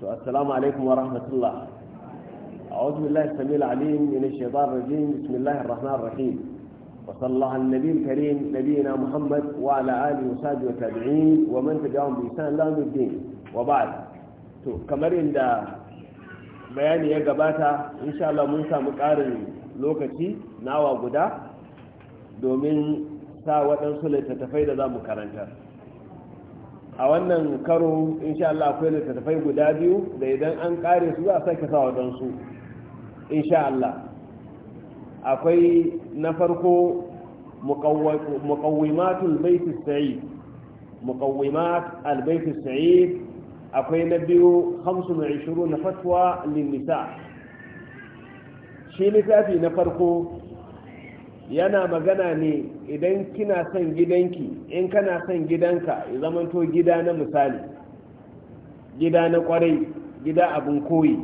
to assalamu alaikum wa rahmatullah a'udhu billahi samil alim minash shaitanir rajim bismillahir rahim wa sallallahu ala muhammad wa ala alihi wa sahbihi wa tabi'in wa man tabi'ahum bi ihsan ila yawmiddin wa kamar inda bayani ya gabata insha mun samu karin lokaci nawa guda domin sa waɗansu littattafai da za mu karantar a wannan karo insha Allah akwai littattafai guda biyu da idan an kare su za a sake sa waɗansu insha Allah akwai na farko muqawwimat al-bayt as-sa'id muqawwimat al-bayt said akwai na biyu 25 fatwa lin-nisa shi littafi na farko yana magana ne idan kina son gidanki in kana son gidanka ya zamanto gida na misali gida na kwarai gida abin koyi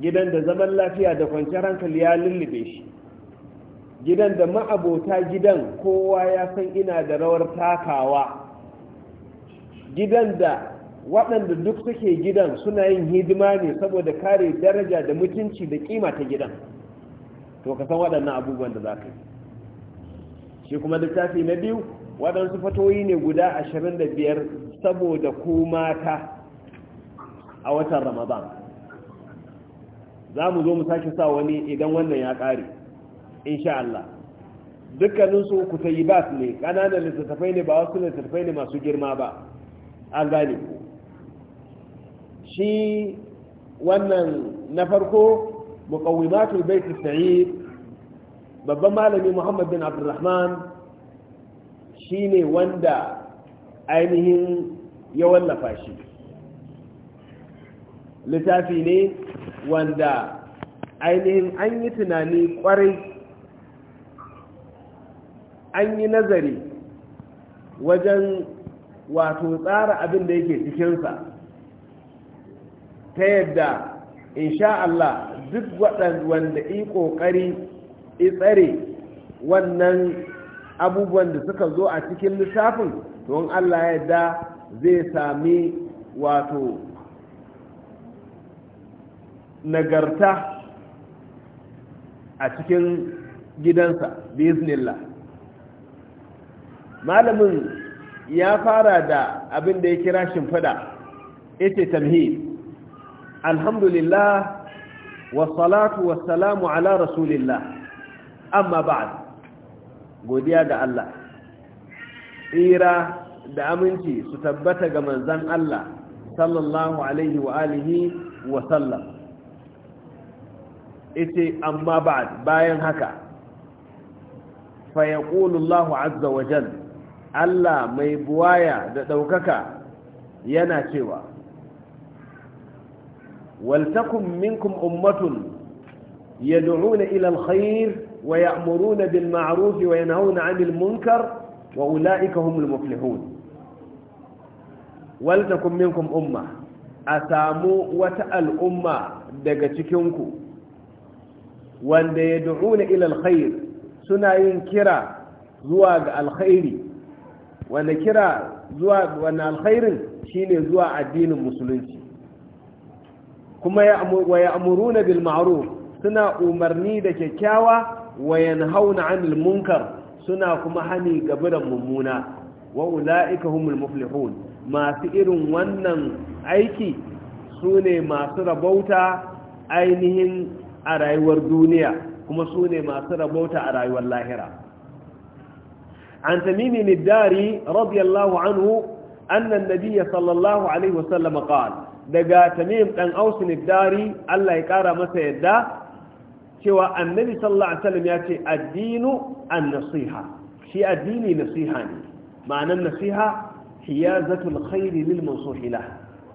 gidan da zaman lafiya da kwanciyar hankali ya lullube shi gidan da ma'abota gidan kowa ya san ina da rawar takawa gidan da waɗanda duk suke gidan suna yin hidima ne saboda kare daraja da mutunci da kima ta gidan to ka san waɗannan abubuwan da za ka yi shi kuma littafi na biyu waɗansu fatoyi ne guda ashirin da biyar saboda ku mata a watan ramadan za mu zo mu sake sa wani idan wannan ya ƙare insha Allah dukkaninsu ku ta yi bas ne ƙananan littattafai ne ba wasu littattafai ne masu girma ba an gane ku shi wannan na farko muqawwimatul bait sa'id babban malamin Muhammad bin Abdulrahman shine wanda ainihin ya wallafa shi littafi ne wanda ainihin an yi tunani kwarai an yi nazari wajen wato tsara abin da yake cikinsa ta yadda insha Allah duk waɗanda wanda yi ƙoƙari tsare wannan abubuwan da suka zo a cikin lissafin don Allah ya da zai sami wato nagarta a cikin gidansa biznillah malamin ya fara da abin da ya kira shimfida ita tamhid alhamdulillah wasalatu wasalamu ala rasulillah amma ba'd godiya ga Allah tsira da aminci su tabbata ga manzan Allah sallallahu alaihi wa alihi wa sallam ite amma ba'ad, bayan haka fa yaqulu Allah azza wa Allah mai buwaya da ɗaukaka yana cewa ولتكن منكم أمة يدعون إلى الخير ويأمرون بالمعروف وينهون عن المنكر وأولئك هم المفلحون ولتكن منكم أمة أسامو وتأل أمة دقتكنكو وأن يدعون إلى الخير سنعين كرا زواج الخير وأن كرا زواج وأن الخير شين زواج الدين المسلمين kuma wa ya'muruna bil ma'ruf suna umarni da kyakkyawa wa yanhauna 'anil munkar suna kuma hani gaburan mummuna wa ula'ika humul muflihun masu irin wannan aiki su ne masu rabauta ainihin a rayuwar duniya kuma su ne masu rabauta a rayuwar lahira an tamimi niddari radiyallahu anhu annan nabiya sallallahu alaihi wasallam qala daga tamim dan ausin dari Allah ya kara masa yadda cewa annabi sallallahu alaihi wasallam ya ce addinu an-nasiha shi addini nasiha ne ma'anan nasiha hiyazatul khairi lil mansuhila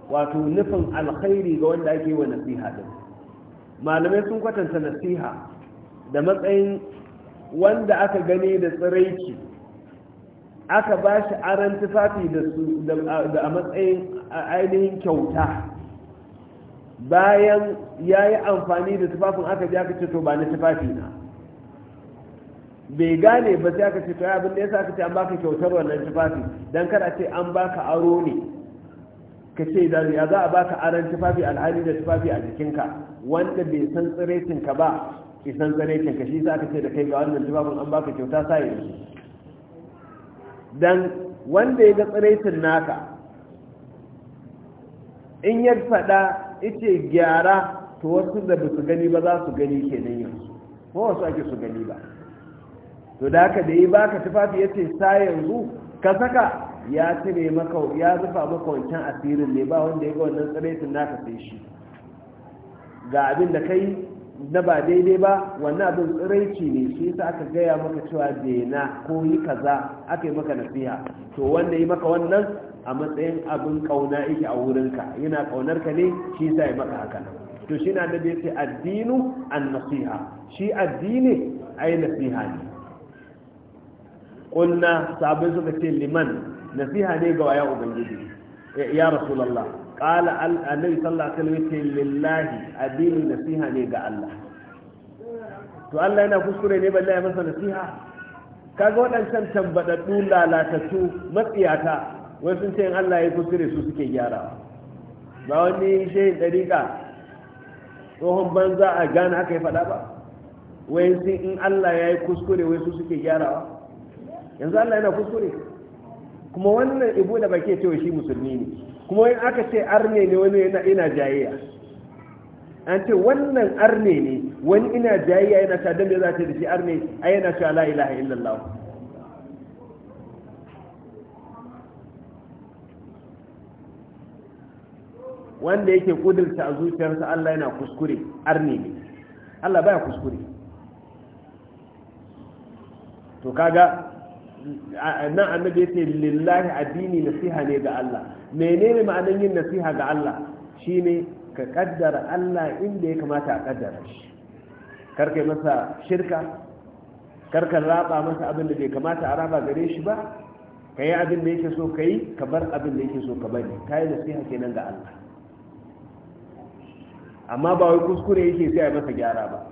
wato nufin alkhairi ga wanda ake wa nasiha din malamai sun kwatanta nasiha da matsayin wanda aka gani da tsiraici aka ba shi aran tufafi da a matsayin A ainihin kyauta bayan ya yi amfani da tufafin aka ji aka ce to ba na tufafi na bai gane ba sai aka ce to abin da ya sa aka ce an baka kyautar wannan tufafi don kada ce an baka aro ne ka ce da ya za a baka aron tufafi alhali da tufafi a jikinka wanda bai san tsiretinka ba isan san ka shi sa ka ce da kai ga wannan tufafin an baka kyauta sa yanzu dan wanda ya ga tsiretin naka in ya faɗa ita gyara to wasu da ba su gani ba za su gani kenan yanzu ko wasu ake su gani ba to da haka da yi baka tufafi yace sa yanzu ka saka ya cire maka ya rufa maka wancan asirin ne ba wanda ya ga wannan na ka sai shi ga abin da kai na ba daidai ba wannan abin tsiraici ne shi yasa aka gaya maka cewa dena ko yi kaza aka yi maka nasiha to wanda yi maka wannan a matsayin abin kauna yake a wurinka yana kaunar ka ne shi sa ya maka haka to shi na da ce addinu an nasiha shi addini ai nasiha ne Kunna sabon suka ce liman nasiha ne ga waya ubangiji eh, ya rasulullah qala annabi sallallahu alaihi wasallam lillahi addini nasiha ne ga Allah to Allah yana kuskure ne balle ya masa nasiha kaga waɗancan tambadaddu lalatattu matsiyata wasu sun ce in Allah ya kuskure su suke gyara ba wani shehin dariƙa tsohon banza a gane aka yi faɗa ba wai sun in Allah ya yi kuskure wai su suke ba yanzu Allah yana kuskure kuma wannan ibu da bake cewa shi musulmi ne kuma wani aka ce arne ne wani yana jayayya an ce wannan arne ne wani ina jayayya yana ta dambe za ta da shi arne a yana cewa la ilaha illallah wanda yake kudurta a zuciyarsa Allah yana kuskure arni ne Allah baya kuskure to kaga nan annabi yace lillahi addini nasiha ne ga Allah menene ma'anar yin nasiha ga Allah shine ka kaddara Allah inda ya kamata a kaddara shi karkai masa shirka karka raba masa abin da bai kamata a raba gare shi ba ka yi abin da yake so ka ka bar abin da yake so ka bari kai nasiha kenan ga Allah amma ba wai kuskure yake sai a masa gyara ba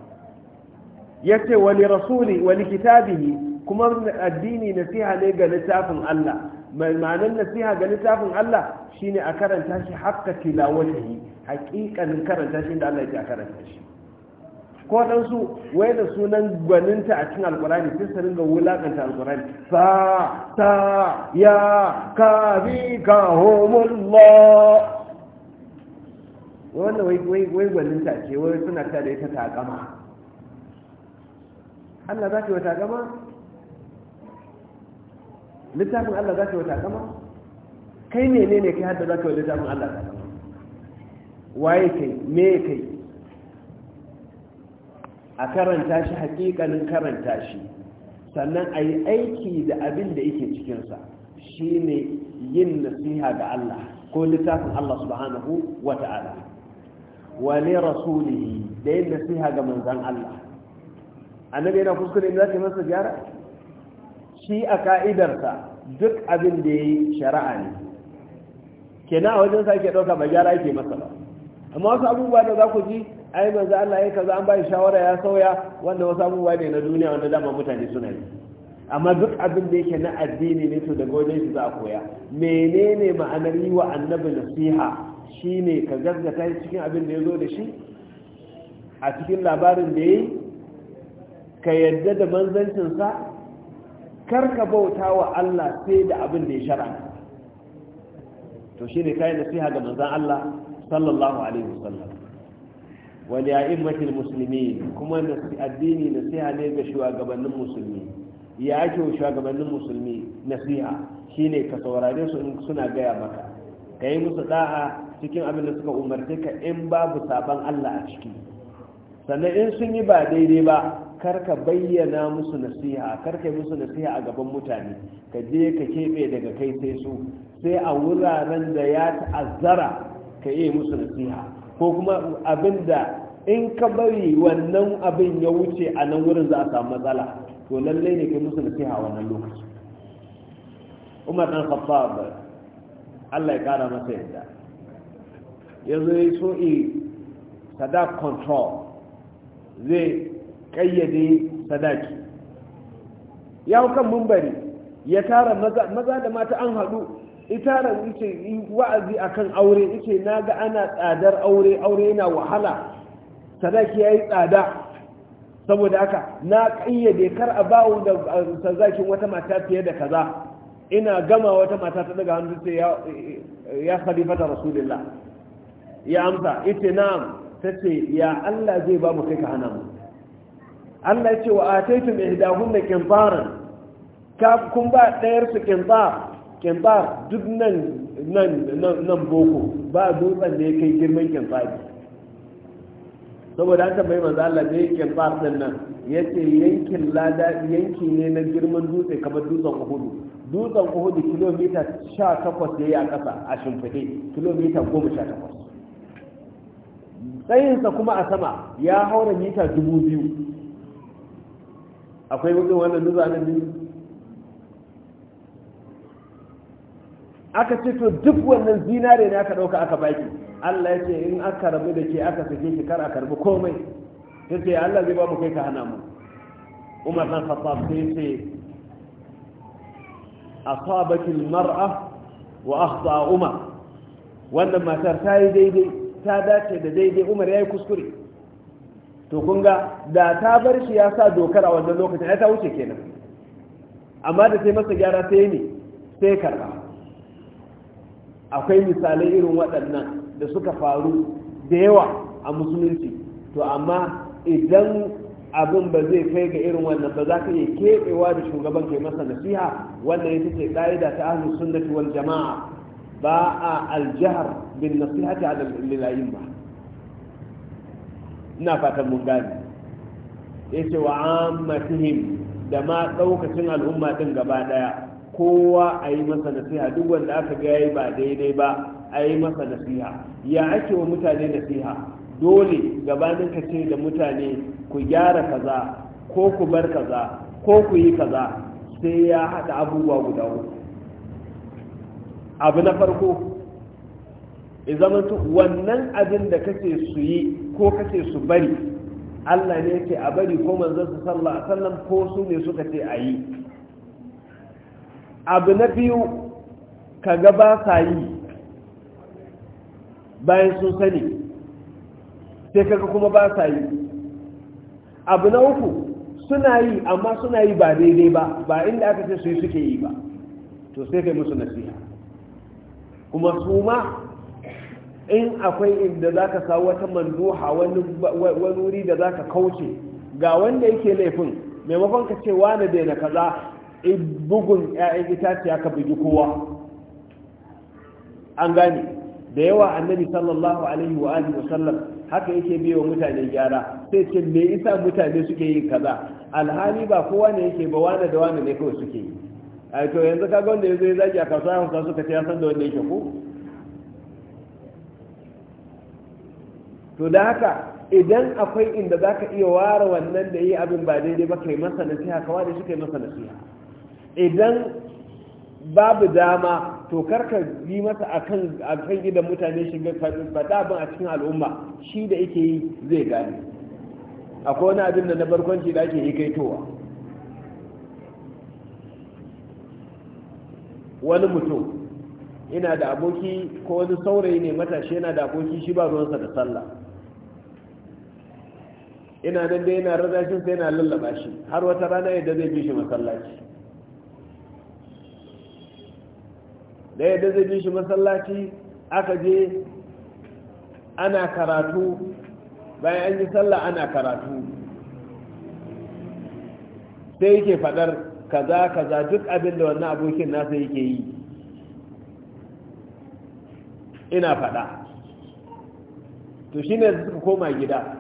yace wani rasuli wani kitabihi kuma addini nasiha ne ga littafin Allah ma'anar nasiha ga littafin Allah shine a karanta shi hakka tilawatihi haƙiƙanin karanta shi da Allah ya karanta shi ko dan su wai da sunan gwaninta a cikin alqur'ani sai su ringa wulakanta alqur'ani sa ta ya ka bi ka humullah wannan wai gwanin ta ce wai suna ta da ita taƙama Allah za ta yi wa littafin Allah za ta yi wa takama kai ne ne ne kai hadda za ka yi littafin Allah takama waye kai me kai a karanta shi haƙiƙanin karanta shi sannan a yi aiki da abin da yake cikinsa shi ne yin nasiha ga Allah ko littafin Allah subhanahu wa ta'ala wa li rasulihi da yin nasiha ga manzon Allah annabi yana kuskure ne zai masa gyara shi a sa duk abin da yayi shari'a ne kenan a wajen sa yake dauka ba gyara yake masa ba amma wasu abubuwa da za ku ji ai manzo Allah ya kaza an bai shawara ya sauya wanda wasu abubuwa ne na duniya wanda dama mutane suna yi amma duk abin da yake na addini ne to daga wajen shi za a koya menene ma'anar yi wa annabi nasiha Shi ne ka gaggata cikin abin da ya zo da shi a cikin labarin da ya yi ka yadda da manzancinsa kar ka bauta wa Allah sai da abin da ya shara to shi ne ka yi nasiha ga manzan Allah sallallahu alaihi wasallam wani wal ya'immatil musulmi kuma addini nasiha ne ga shugabannin musulmi ya ake wa shugabannin musulmi nasiha shine ka saurare su suna gaya maka ka yi musu da'a cikin abin da suka umarce ka in babu sabon Allah a ciki sannan in sun yi ba daidai ba kar ka bayyana musu nasiha karka yi musu nasiha a gaban mutane ka je ka keɓe daga kai sai su sai a wuraren da ya ta'azzara ka yi musu nasiha ko kuma abin da in ka bari wannan abin ya wuce a nan wurin za a samu matsala to lallai ne kai musu nasiha a wannan lokaci umar dan khattab Allah ya kara masa yadda Yanzu ya so e sadak control zai kayyade sadaki ya hau kan mumbari ya tara maza da mata an haɗu itara wuce wa'azi akan aure ita na ga ana tsadar aure aure yana wahala sadaki ya yi tsada saboda haka na ƙayyade kar a bawo da sadakin wata mata fiye da kaza ina gama wata mata ta daga hannu sai ya khalifata rasulullah ya amsa ita na'am ta ce ya Allah zai ba mu kai ka hana mu Allah ya ce wa ataitum ihdahunna qintaran ka kun ba dayar su qintar duk nan nan nan boko ba dutsen ne kai girman qintar saboda haka bai manzo Allah da yankin din nan yace yankin lada yanki ne na girman dutse kamar dutsen Uhudu dutsen Uhudu kilomita 18 yayi a ƙasa a shimfide kilomita 18 tsayinsa kuma a sama ya haura mita dubu biyu akwai wukin wannan duza na biyu aka ce to duk wannan zinare ne aka ɗauka aka baki Allah ya ce in aka rabu da ke aka sake shi kar a karbi komai ta ce Allah zai ba mu kai ka hana mu umar dan khattab sai ce asabat al mar'a wa akhta umar wannan matar ta yi daidai ta dace da daidai umar ya yi kuskure to kun ga da ta bar shi ya sa dokar a wannan lokacin ya ta wuce kenan amma da sai masa gyara sai ne sai karba akwai misalai irin waɗannan da suka faru da yawa a musulunci to amma idan abin ba zai kai ga irin wannan ba za ka iya keɓewa da shugaban kai masa nasiha wannan ya ce ƙa'ida ta ahlus sunnati wal jama'a ba a aljihar bin nasihati ala lilayin ba ina fatan mun yace wa ammatihim da ma daukacin al'umma din gaba daya kowa a yi masa nasiha duk wanda aka ga yayi ba daidai ba a yi masa nasiha ya ake wa mutane nasiha dole gabanin ka ce da mutane ku gyara kaza ko ku bar kaza ko ku yi kaza sai ya haɗa abubuwa guda uku abu na farko izamantu wannan abin da kake su yi ko kake su bari Allah ne yake a bari ko manzon sallallahu alaihi wasallam ko su ne suka ce a yi abu na biyu kaga ba sa yi bayan sun sani sai kaga kuma ba sa yi abu na uku suna yi amma suna yi ba daidai ba ba inda aka ce su yi suke yi ba to sai kai musu nasiha kuma su ma in akwai inda za ka sa wata manduha wani wuri da za ka kauce ga wanda yake laifin maimakon ka ce wani na kaza bugun 'ya'yan itaciya ka bugi kowa an gane da yawa annabi sallallahu alaihi wa alihi wasallam haka yake biyo mutane gyara sai ce me isa mutane suke yin kaza alhali ba kowa ne yake ba wani da wani ne kawai suke yi a to yanzu kaga wanda ya zo ya zagi a kasuwa hausa suka ce ya san da wanda yake shafu to da haka idan akwai inda za ka iya ware wannan da yi abin ba daidai ba kai masa nasiha kawa da shi kai masa nasiha idan babu dama to karka yi masa kan akan gidan mutane shi fada abin a cikin al'umma shi da yake yi zai gane akwai wani abin da na barkwanci da ake yi kaitowa wani mutum ina da aboki ko wani saurayi ne matashi yana da aboki shi ba ruwansa da sallah ina nan dai yana raza shi sai yana lallaba shi har wata rana yadda zai bi shi masallaci da yadda zai bi shi masallaci aka je ana karatu bayan an yi sallah ana karatu sai yake fadar kaza kaza duk abin da wannan abokin nasa yake yi ina fada to shi ne suka koma gida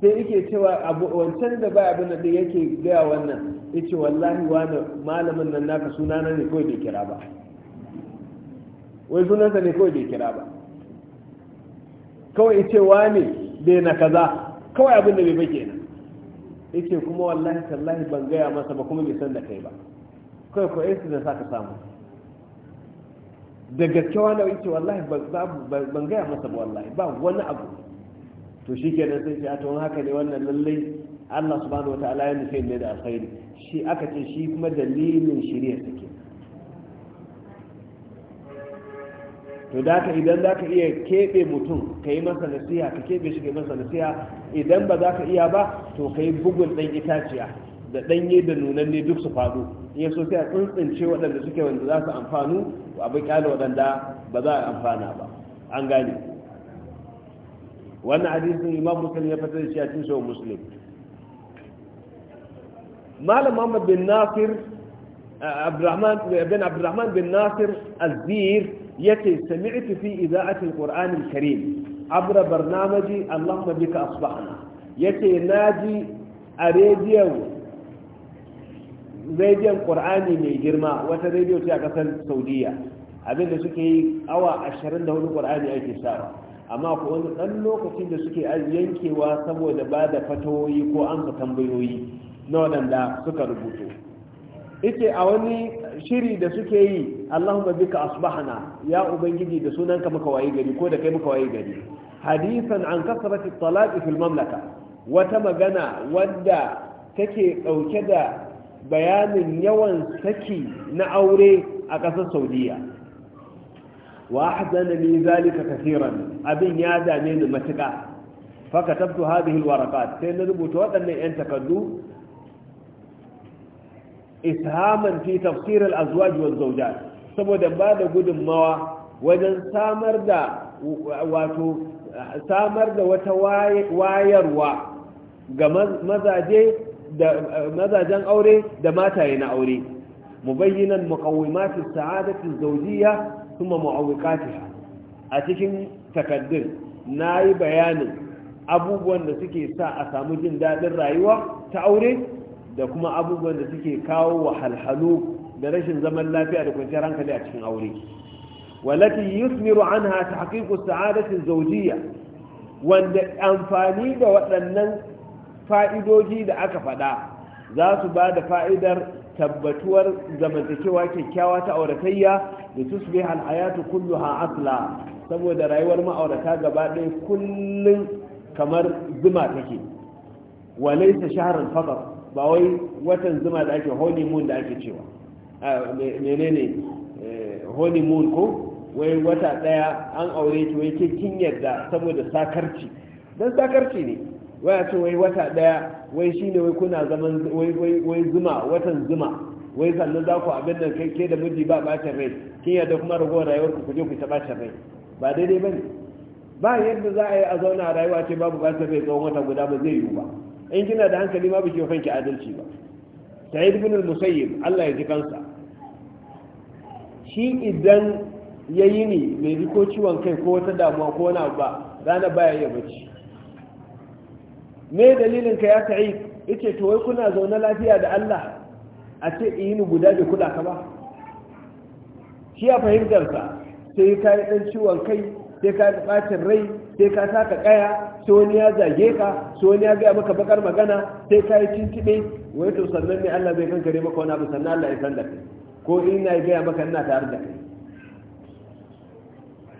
sai yake cewa wancan da ba abin da yake gaya wannan ya ce wallahi wani malamin nan naka suna ne kawai bai kira ba wai sunansa ne kawai bai kira ba kawai ya ce wani bai na kaza kawai abin da bai bake kenan Yake kuma wallahi tallahi ban gaya masa ba kuma bai san da kai ba kai ko eh, aiki da saka samu da gaske wani yake wallahi ban gaya masa ba wallahi ba wani abu to shi kenan sai ce a to haka ne wannan lallai Allah subhanahu wa ta'ala ya nufi ne da alkhairi shi aka ce shi kuma dalilin shirya take to da ka idan za ka iya keɓe mutum ka yi masa nasiha ka keɓe shi ka yi masa nasiha idan ba za ka iya ba to ka yi bugun ɗan itaciya da ɗanye da nunanne duk su faɗo iya so sai a tsuntsince waɗanda suke wanda za su amfanu abin ƙyale waɗanda ba za a amfana ba an gane wannan hadisin imam muslim ya fitar da shi a cikin sahih muslim malam muhammad bin nasir eh, abdurrahman bin abdurrahman bin nasir az yace sami'tu fi iza'atil qur'anil karim abra barnamaji allahumma bika asbahna yace naji a rediyon rediyon qur'ani mai girma wata rediyo ce a kasar saudiya abinda suke yi awa 24 qur'ani ake sawa amma ko wani dan lokacin da suke yankewa saboda ba da fatawoyi ko amsa tambayoyi na waɗanda suka rubuto ita a wani shiri da suke yi Allahumma bika asbahna ya ubangiji da sunanka muka waye gari ko da kai muka waye gari hadisan an kasrati talaq fil mamlaka wata magana wadda take dauke da bayanin yawan saki na aure a ƙasar Saudiya wa ahzana li zalika kaseeran abin ya dame ni matuka fa katabtu hadhihi alwaraqat sai na rubuta waɗannan yan takaddu ishaman fi tafsir al-azwaj wal zawjat saboda ba da gudunmawa wajen samar da wato samar da wata wayarwa ga mazaje da mazajen aure da mataye na aure mubayyinan muqawwimati sa'adati zawjiyya kuma mu'awwiqatiha a cikin takaddir nayi bayanin abubuwan da suke sa a samu jin dadin rayuwa ta aure da kuma abubuwan da suke kawo wahalhalu da rashin zaman lafiya da kwanciyar hankali a cikin aure walati yusmiru anha tahqiqu sa'adati zawjiyya wanda amfani da waɗannan fa'idoji da aka faɗa za su ba da fa'idar tabbatuwar zamantakewa kyakkyawa ta auratayya da tusbiha alhayatu kulluha asla saboda rayuwar ma'aurata gaba ɗaya kullum kamar zuma take walaysa shahran faqat ba wai watan zuma da ake honeymoon da ake cewa menene eh, honeymoon ko wai wata daya an aure ki wai ke kin yadda saboda sakarci dan sakarci ne waya ce wai wata daya wai shine wai kuna zaman wai wai wai zuma watan zuma wai sannan za ku abin da kai ke da miji ba bacin rai kin yadda kuma ragowar rayuwar ku kuje ku ta bacin rai ba daidai bane ba yadda za a yi a zauna a rayuwa ce babu bacin rai tsawon wata guda ba zai yiwu ba in kina da hankali ma biki kanki adalci ba Ta ibn al-musayyib Allah ya ji kansa shi idan yayi ni mai riko ciwon kai ko wata damuwa ko wani ba rana baya ya bacci me dalilin ka ya sa'id yace to wai kuna zaune lafiya da Allah a ce ni guda da kula ka ba shi a fahimtarsa sai ka yi dan ciwon kai sai ka yi bacin rai sai ka ka kaya sai wani ya zage ka sai wani ya gaya maka bakar magana sai ka yi cincibe wai to sannan ne Allah zai kankare maka wani abu sannan Allah ya san da kai ko ina ya gaya maka ina tare da kai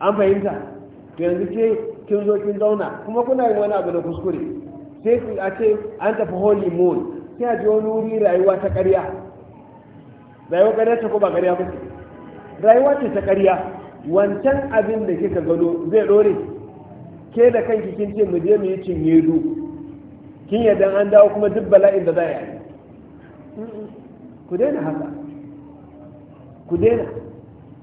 an fahimta to yanzu ke kin zo kin zauna kuma kuna yin wani abu na kuskure sai a ce an tafi holy moon sai a ji wani wuri rayuwa ta ƙarya rayuwa ƙarya ta ko ba ƙarya ba rayuwa ce ta ƙarya wancan abin da kika gano zai ɗore ke da kanki kin ce mu je mu yi cinye du kin yadda an dawo kuma duk bala'in da za a yi ku daina haka ku daina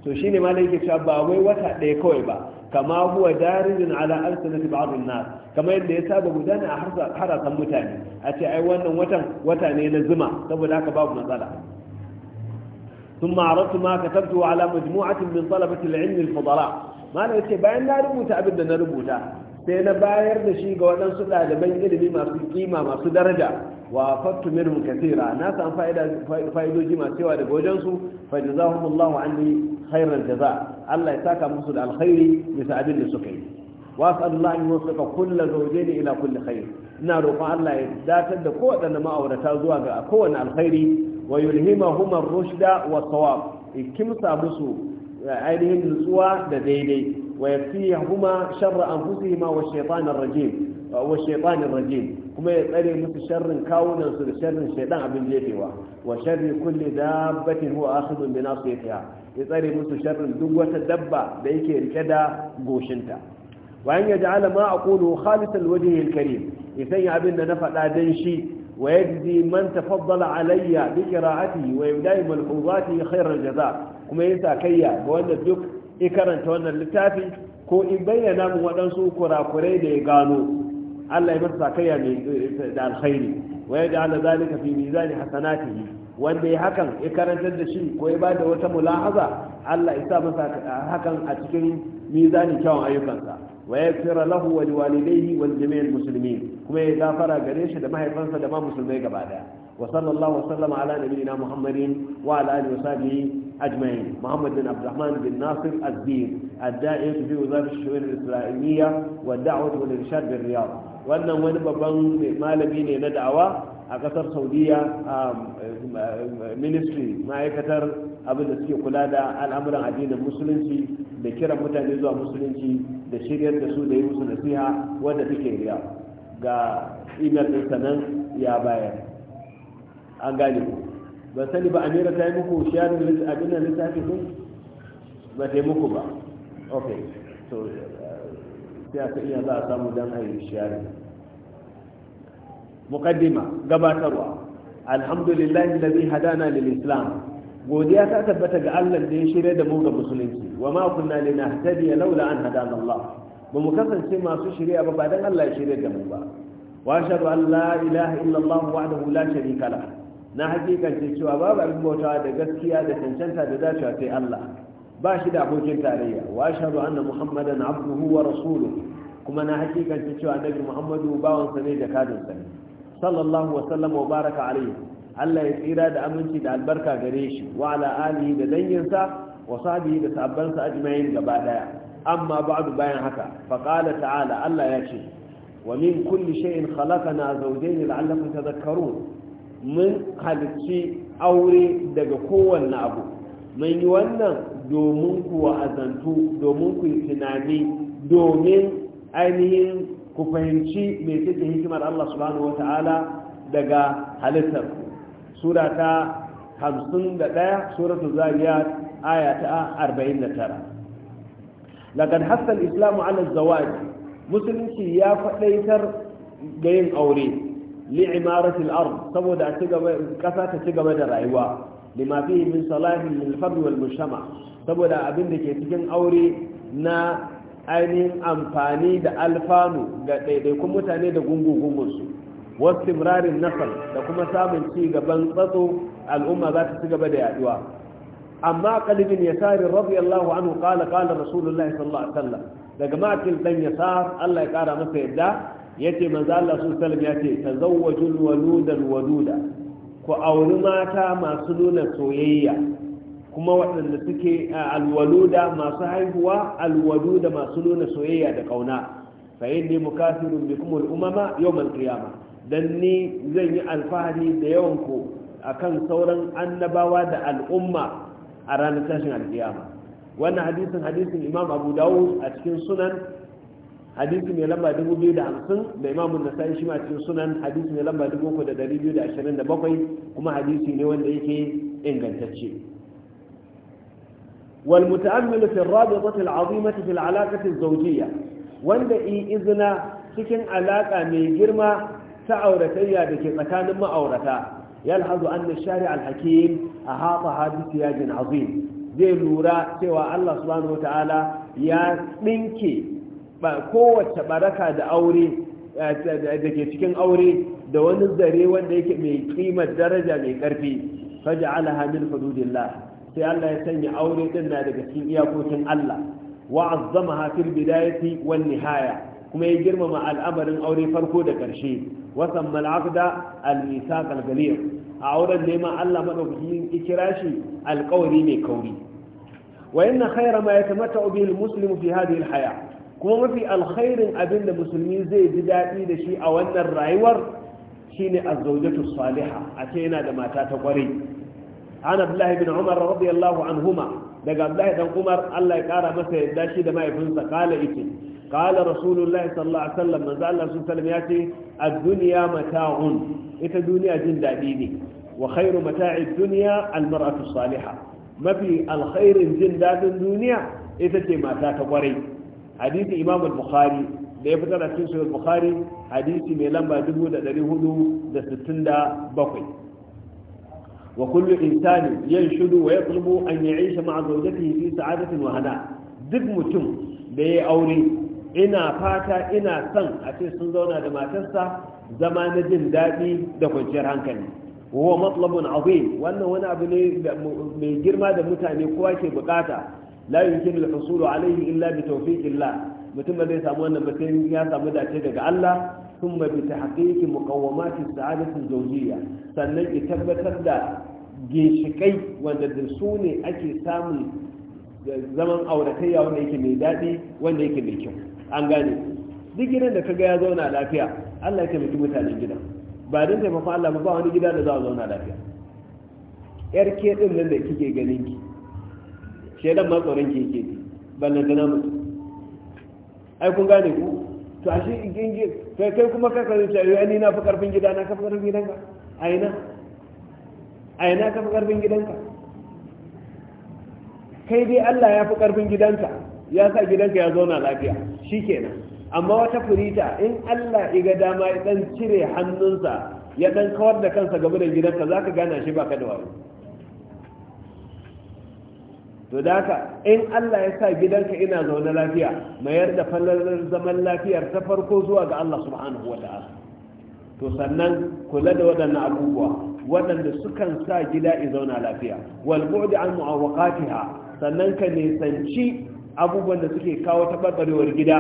to ne ma yake cewa ba wai wata ɗaya kawai ba kama huwa darijin ala alsanati ba'dhin nas kama yadda ya saba gudana a harasan mutane a ce ai wannan watan wata ne na zuma saboda haka babu matsala ثم عرضت ما كتبته على مجموعة من طلبة العلم الفضلاء ما أنا يتي بأن لا ربوتا أبدا نربوتا sai na bayar da shi ga waɗansu ɗaliban ilimi masu kima masu daraja wa fattu minhum na san fa'idoji masu yawa daga wajensu fa jazahumullahu anni khairan jaza Allah ya saka musu da alkhairi bisa abin da suka yi wa sallallahu alaihi wasallam kullu zawjaini ila kulli khair ina roƙon Allah ya datar da kowanne ma'aurata zuwa ga kowane alkhairi wa yulhimahum ar-rushda wa sawab ikimsa musu ainihin nutsuwa da daidai ويكفيهما شر أنفسهما والشيطان الرجيم والشيطان الرجيم كما يطري مثل شر كون أنصر شر الشيطان عبد جيفوا وشر كل دابة هو آخذ بناصيتها يطري مثل شر دوة الدبة بيكي الكدا قوشنتا وأن يجعل ما أقوله خالص الوجه الكريم يسيع بنا نفع دنشي ويجزي من تفضل علي بقراءته ويدايم ملحوظاته خير الجزاء كما يسا كيا بوأن الدك in karanta wannan littafi ko in bayyana mu waɗansu kurakurai da ya gano Allah ya masa sakayya eh, da alkhairi wa ya ja'ala zalika fi mizani hasanatihi wanda ya hakan ya karantar da shi ko ya bada wata mulahaza Allah ya sa masa hakan a cikin mizani kyawun ayyukansa wa ya tsira lahu wa liwalidayhi wal jami'il muslimin kuma ya gafara gare shi da mahaifansa da ma musulmai gaba daya وصلى الله وسلم على نبينا محمد وعلى اله وصحبه اجمعين محمد بن عبد الرحمن بن ناصر الدين الداعية في وزارة الشؤون الإسرائيلية والدعوة والإرشاد بالرياض وأن وين ببن مالبي ne na da'awa a kasar Saudiya um, um, um, ministry ma'aikatar abin da suke kula da al'amuran addinin musulunci da kiran mutane zuwa musulunci da shiryar da su da yi musu nasiha wanda suke riya ga imel ɗinsa nan ya bayar an gane ku ba sani ba amira ta yi muku sharing abin da littafi ko ba ta yi muku ba ok so eh, sai aka iya za a samu don a yi sharing muqaddima gabatarwa alhamdulillahi zai hadana lil islam godiya ta tabbata ga Allah da ya shirya da mu ga musulunci wa ma kunna linahtadiya laula an hadana Allah ba mu kasance masu shirya ba ba dan Allah ya shirya da mu ba wa ashhadu an la ilaha illa Allah wahdahu la sharika lahu na hakikance cewa babu abin bautawa da gaskiya da cancanta da dacewa sai Allah ba shi da abokin tarayya wa ashhadu anna muhammadan abduhu wa rasuluhu kuma na hakikance cewa annabi muhammadu bawansa ne da kadin sa sallallahu wa sallama wa baraka alaihi Allah ya tsira da aminci da albarka gare shi wa ala alihi da danginsa wa sahbihi da sabbansa ajma'in gaba daya amma ba'du bayan haka fa qala ta'ala Allah ya ce wa min kulli shay'in khalaqna zawjayn la'allakum tadhakkarun mun halicci aure daga kowanne abu mun yi wannan domin ku wa'azantu domin ku yi tunani domin ainihin ku fahimci mai cikin hikimar Allah subhanahu wata'ala daga halittar sura ta 51 suratul zariyat aya ta 49 tara. Daga Hassan islamu 'ala zawaji musulunci ya faɗaitar da yin aure li'imaratil ard saboda ci gaba kasa ta ci gaba da rayuwa lima fihi min salahin saboda abinda ke cikin aure na ainihin amfani da alfanu ga ɗaiɗaikun mutane da gungu gungunsu wasu timrarin nafal da kuma samun ci gaban tsatso al'umma za ta ci gaba da yaduwa amma kalibin yasarin radiyallahu anhu qala qala rasulullahi sallallahu alaihi wasallam daga matil dan yasar Allah ya kara masa yadda yace manzo Allah su sallam ya ce tazawwajul waludan waduda ku auri mata masu nuna soyayya kuma waɗanda suke alwaluda masu haihuwa alwaduda masu nuna soyayya da kauna fa inni mukasirun bikum al umama yawm al qiyamah dan ni zan yi alfahari da yawan ku akan sauran annabawa da al'umma a ranar tashin alkiyama wannan hadisin hadisin imam abu dawud a cikin sunan hadisi mai lamba biyu da imamun nasa'i shi ma cikin sunan hadisi mai lamba bakwai. kuma hadisi ne wanda yake ingantacce wal muta'ammilu fi ar-rabitati al-'azimati fi al-'alaqati az-zawjiyya wanda i izina cikin alaka mai girma ta auratayya da ke tsakanin ma'aurata yalhazu anna shari'a al-hakim ahata hadisi yajin azim zai lura cewa Allah subhanahu wa ta'ala ya dinke kowace baraka da aure eh, da ke cikin aure da wani zare wanda yake mai kimar daraja mai karfi faja ala hamil fadudillah sai Allah ya sanya aure din na daga cikin iyakokin Allah wa azzamaha fil bidayati wan nihaya kuma ya girmama al'amarin aure farko da karshe wa samma al-aqda al-misaq al a auren ne ma Allah madaukakin ikira shi alƙawari mai kauri wa inna khayra ma yatamatta'u bihi al-muslimu fi hadhihi al-haya kuma mafi alkhairin abin da musulmi zai ji daɗi da shi a wannan rayuwar shine azzaujatu Saliha a ce yana da mata ta kwarai an abdullahi bin umar radiyallahu anhuma daga abdullahi dan umar Allah ya kara masa yadda shi da mahaifinsa kala yake kala rasulullahi sallallahu alaihi wasallam manzo Allah sun sallam ya ce ad-dunya mata'un ita duniya jin daɗi ne wa khairu mata'id dunya al-mar'atu salihah mafi alkhairin jin daɗin duniya ita ce mata ta kwarai hadisi imam al-bukhari da ya fitar a cikin sahih bukhari hadisi mai lamba bakwai. wa kullu insani yanshudu wa yatlubu an ya'isha ma'a zawjatihi fi sa'adatin wa hada duk mutum da ya aure ina fata ina son a ce sun zauna da matarsa zama na jin daɗi da kwanciyar hankali wa matlabun azim wannan wani abu ne mai girma da mutane kowa ke bukata la yumkinu al-husul alayhi illa bi tawfiqillah mutum ba zai samu wannan ba sai ya samu dace daga Allah thumma bi tahqiqi muqawwamat as-sa'adati az-zawjiyya sannan ya tabbatar da ginshikai wanda da su ne ake samun zaman auratayya wanda yake mai daɗi wanda yake mai kyau an gane duk gidan da kaga ya zauna lafiya Allah ya taimaki mutanen gidan ba don taimakon Allah ba wani gida da za a zauna lafiya yar ke din nan da kike ganin ki shedan ma tsoron ke ke na tana mutu ai kun gane ku to a shi in kai kai kuma ka kare ce ai ni na fi karfin gida na ka fi karfin gidanka ai na ai na ka fi karfin gidanka kai dai Allah ya fi karfin gidanka ya sa gidanka ya zauna lafiya shikenan amma wata furita in Allah iga dama ya dan cire hannunsa ya dan kawar da kansa gaba da ka zaka gana shi baka da wani to da haka in Allah ya sa gidanka ina zaune lafiya mayar da falalar zaman lafiyar ta farko zuwa ga Allah subhanahu wa ta'ala to sannan kula da waɗannan abubuwa waɗanda sukan sa gida in zauna lafiya wal bu'd an mu'awaqatiha sannan ka nisanci abubuwan da suke kawo tabarbarewar gida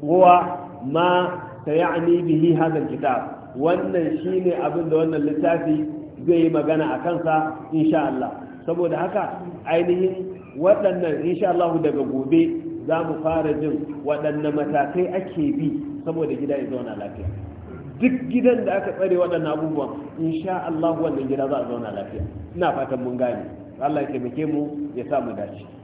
huwa ma sayani bihi hadal kitab wannan shine abin da wannan littafi zai yi magana a kansa insha Allah saboda haka ainihin waɗannan insha Allah daga gobe za mu fara jin waɗannan matakai ake bi saboda gida ya zauna lafiya duk gidan da aka tsare waɗannan abubuwan insha Allah wannan gida za a zauna lafiya ina fatan mun gane Allah ya taimake mu ya sa mu dace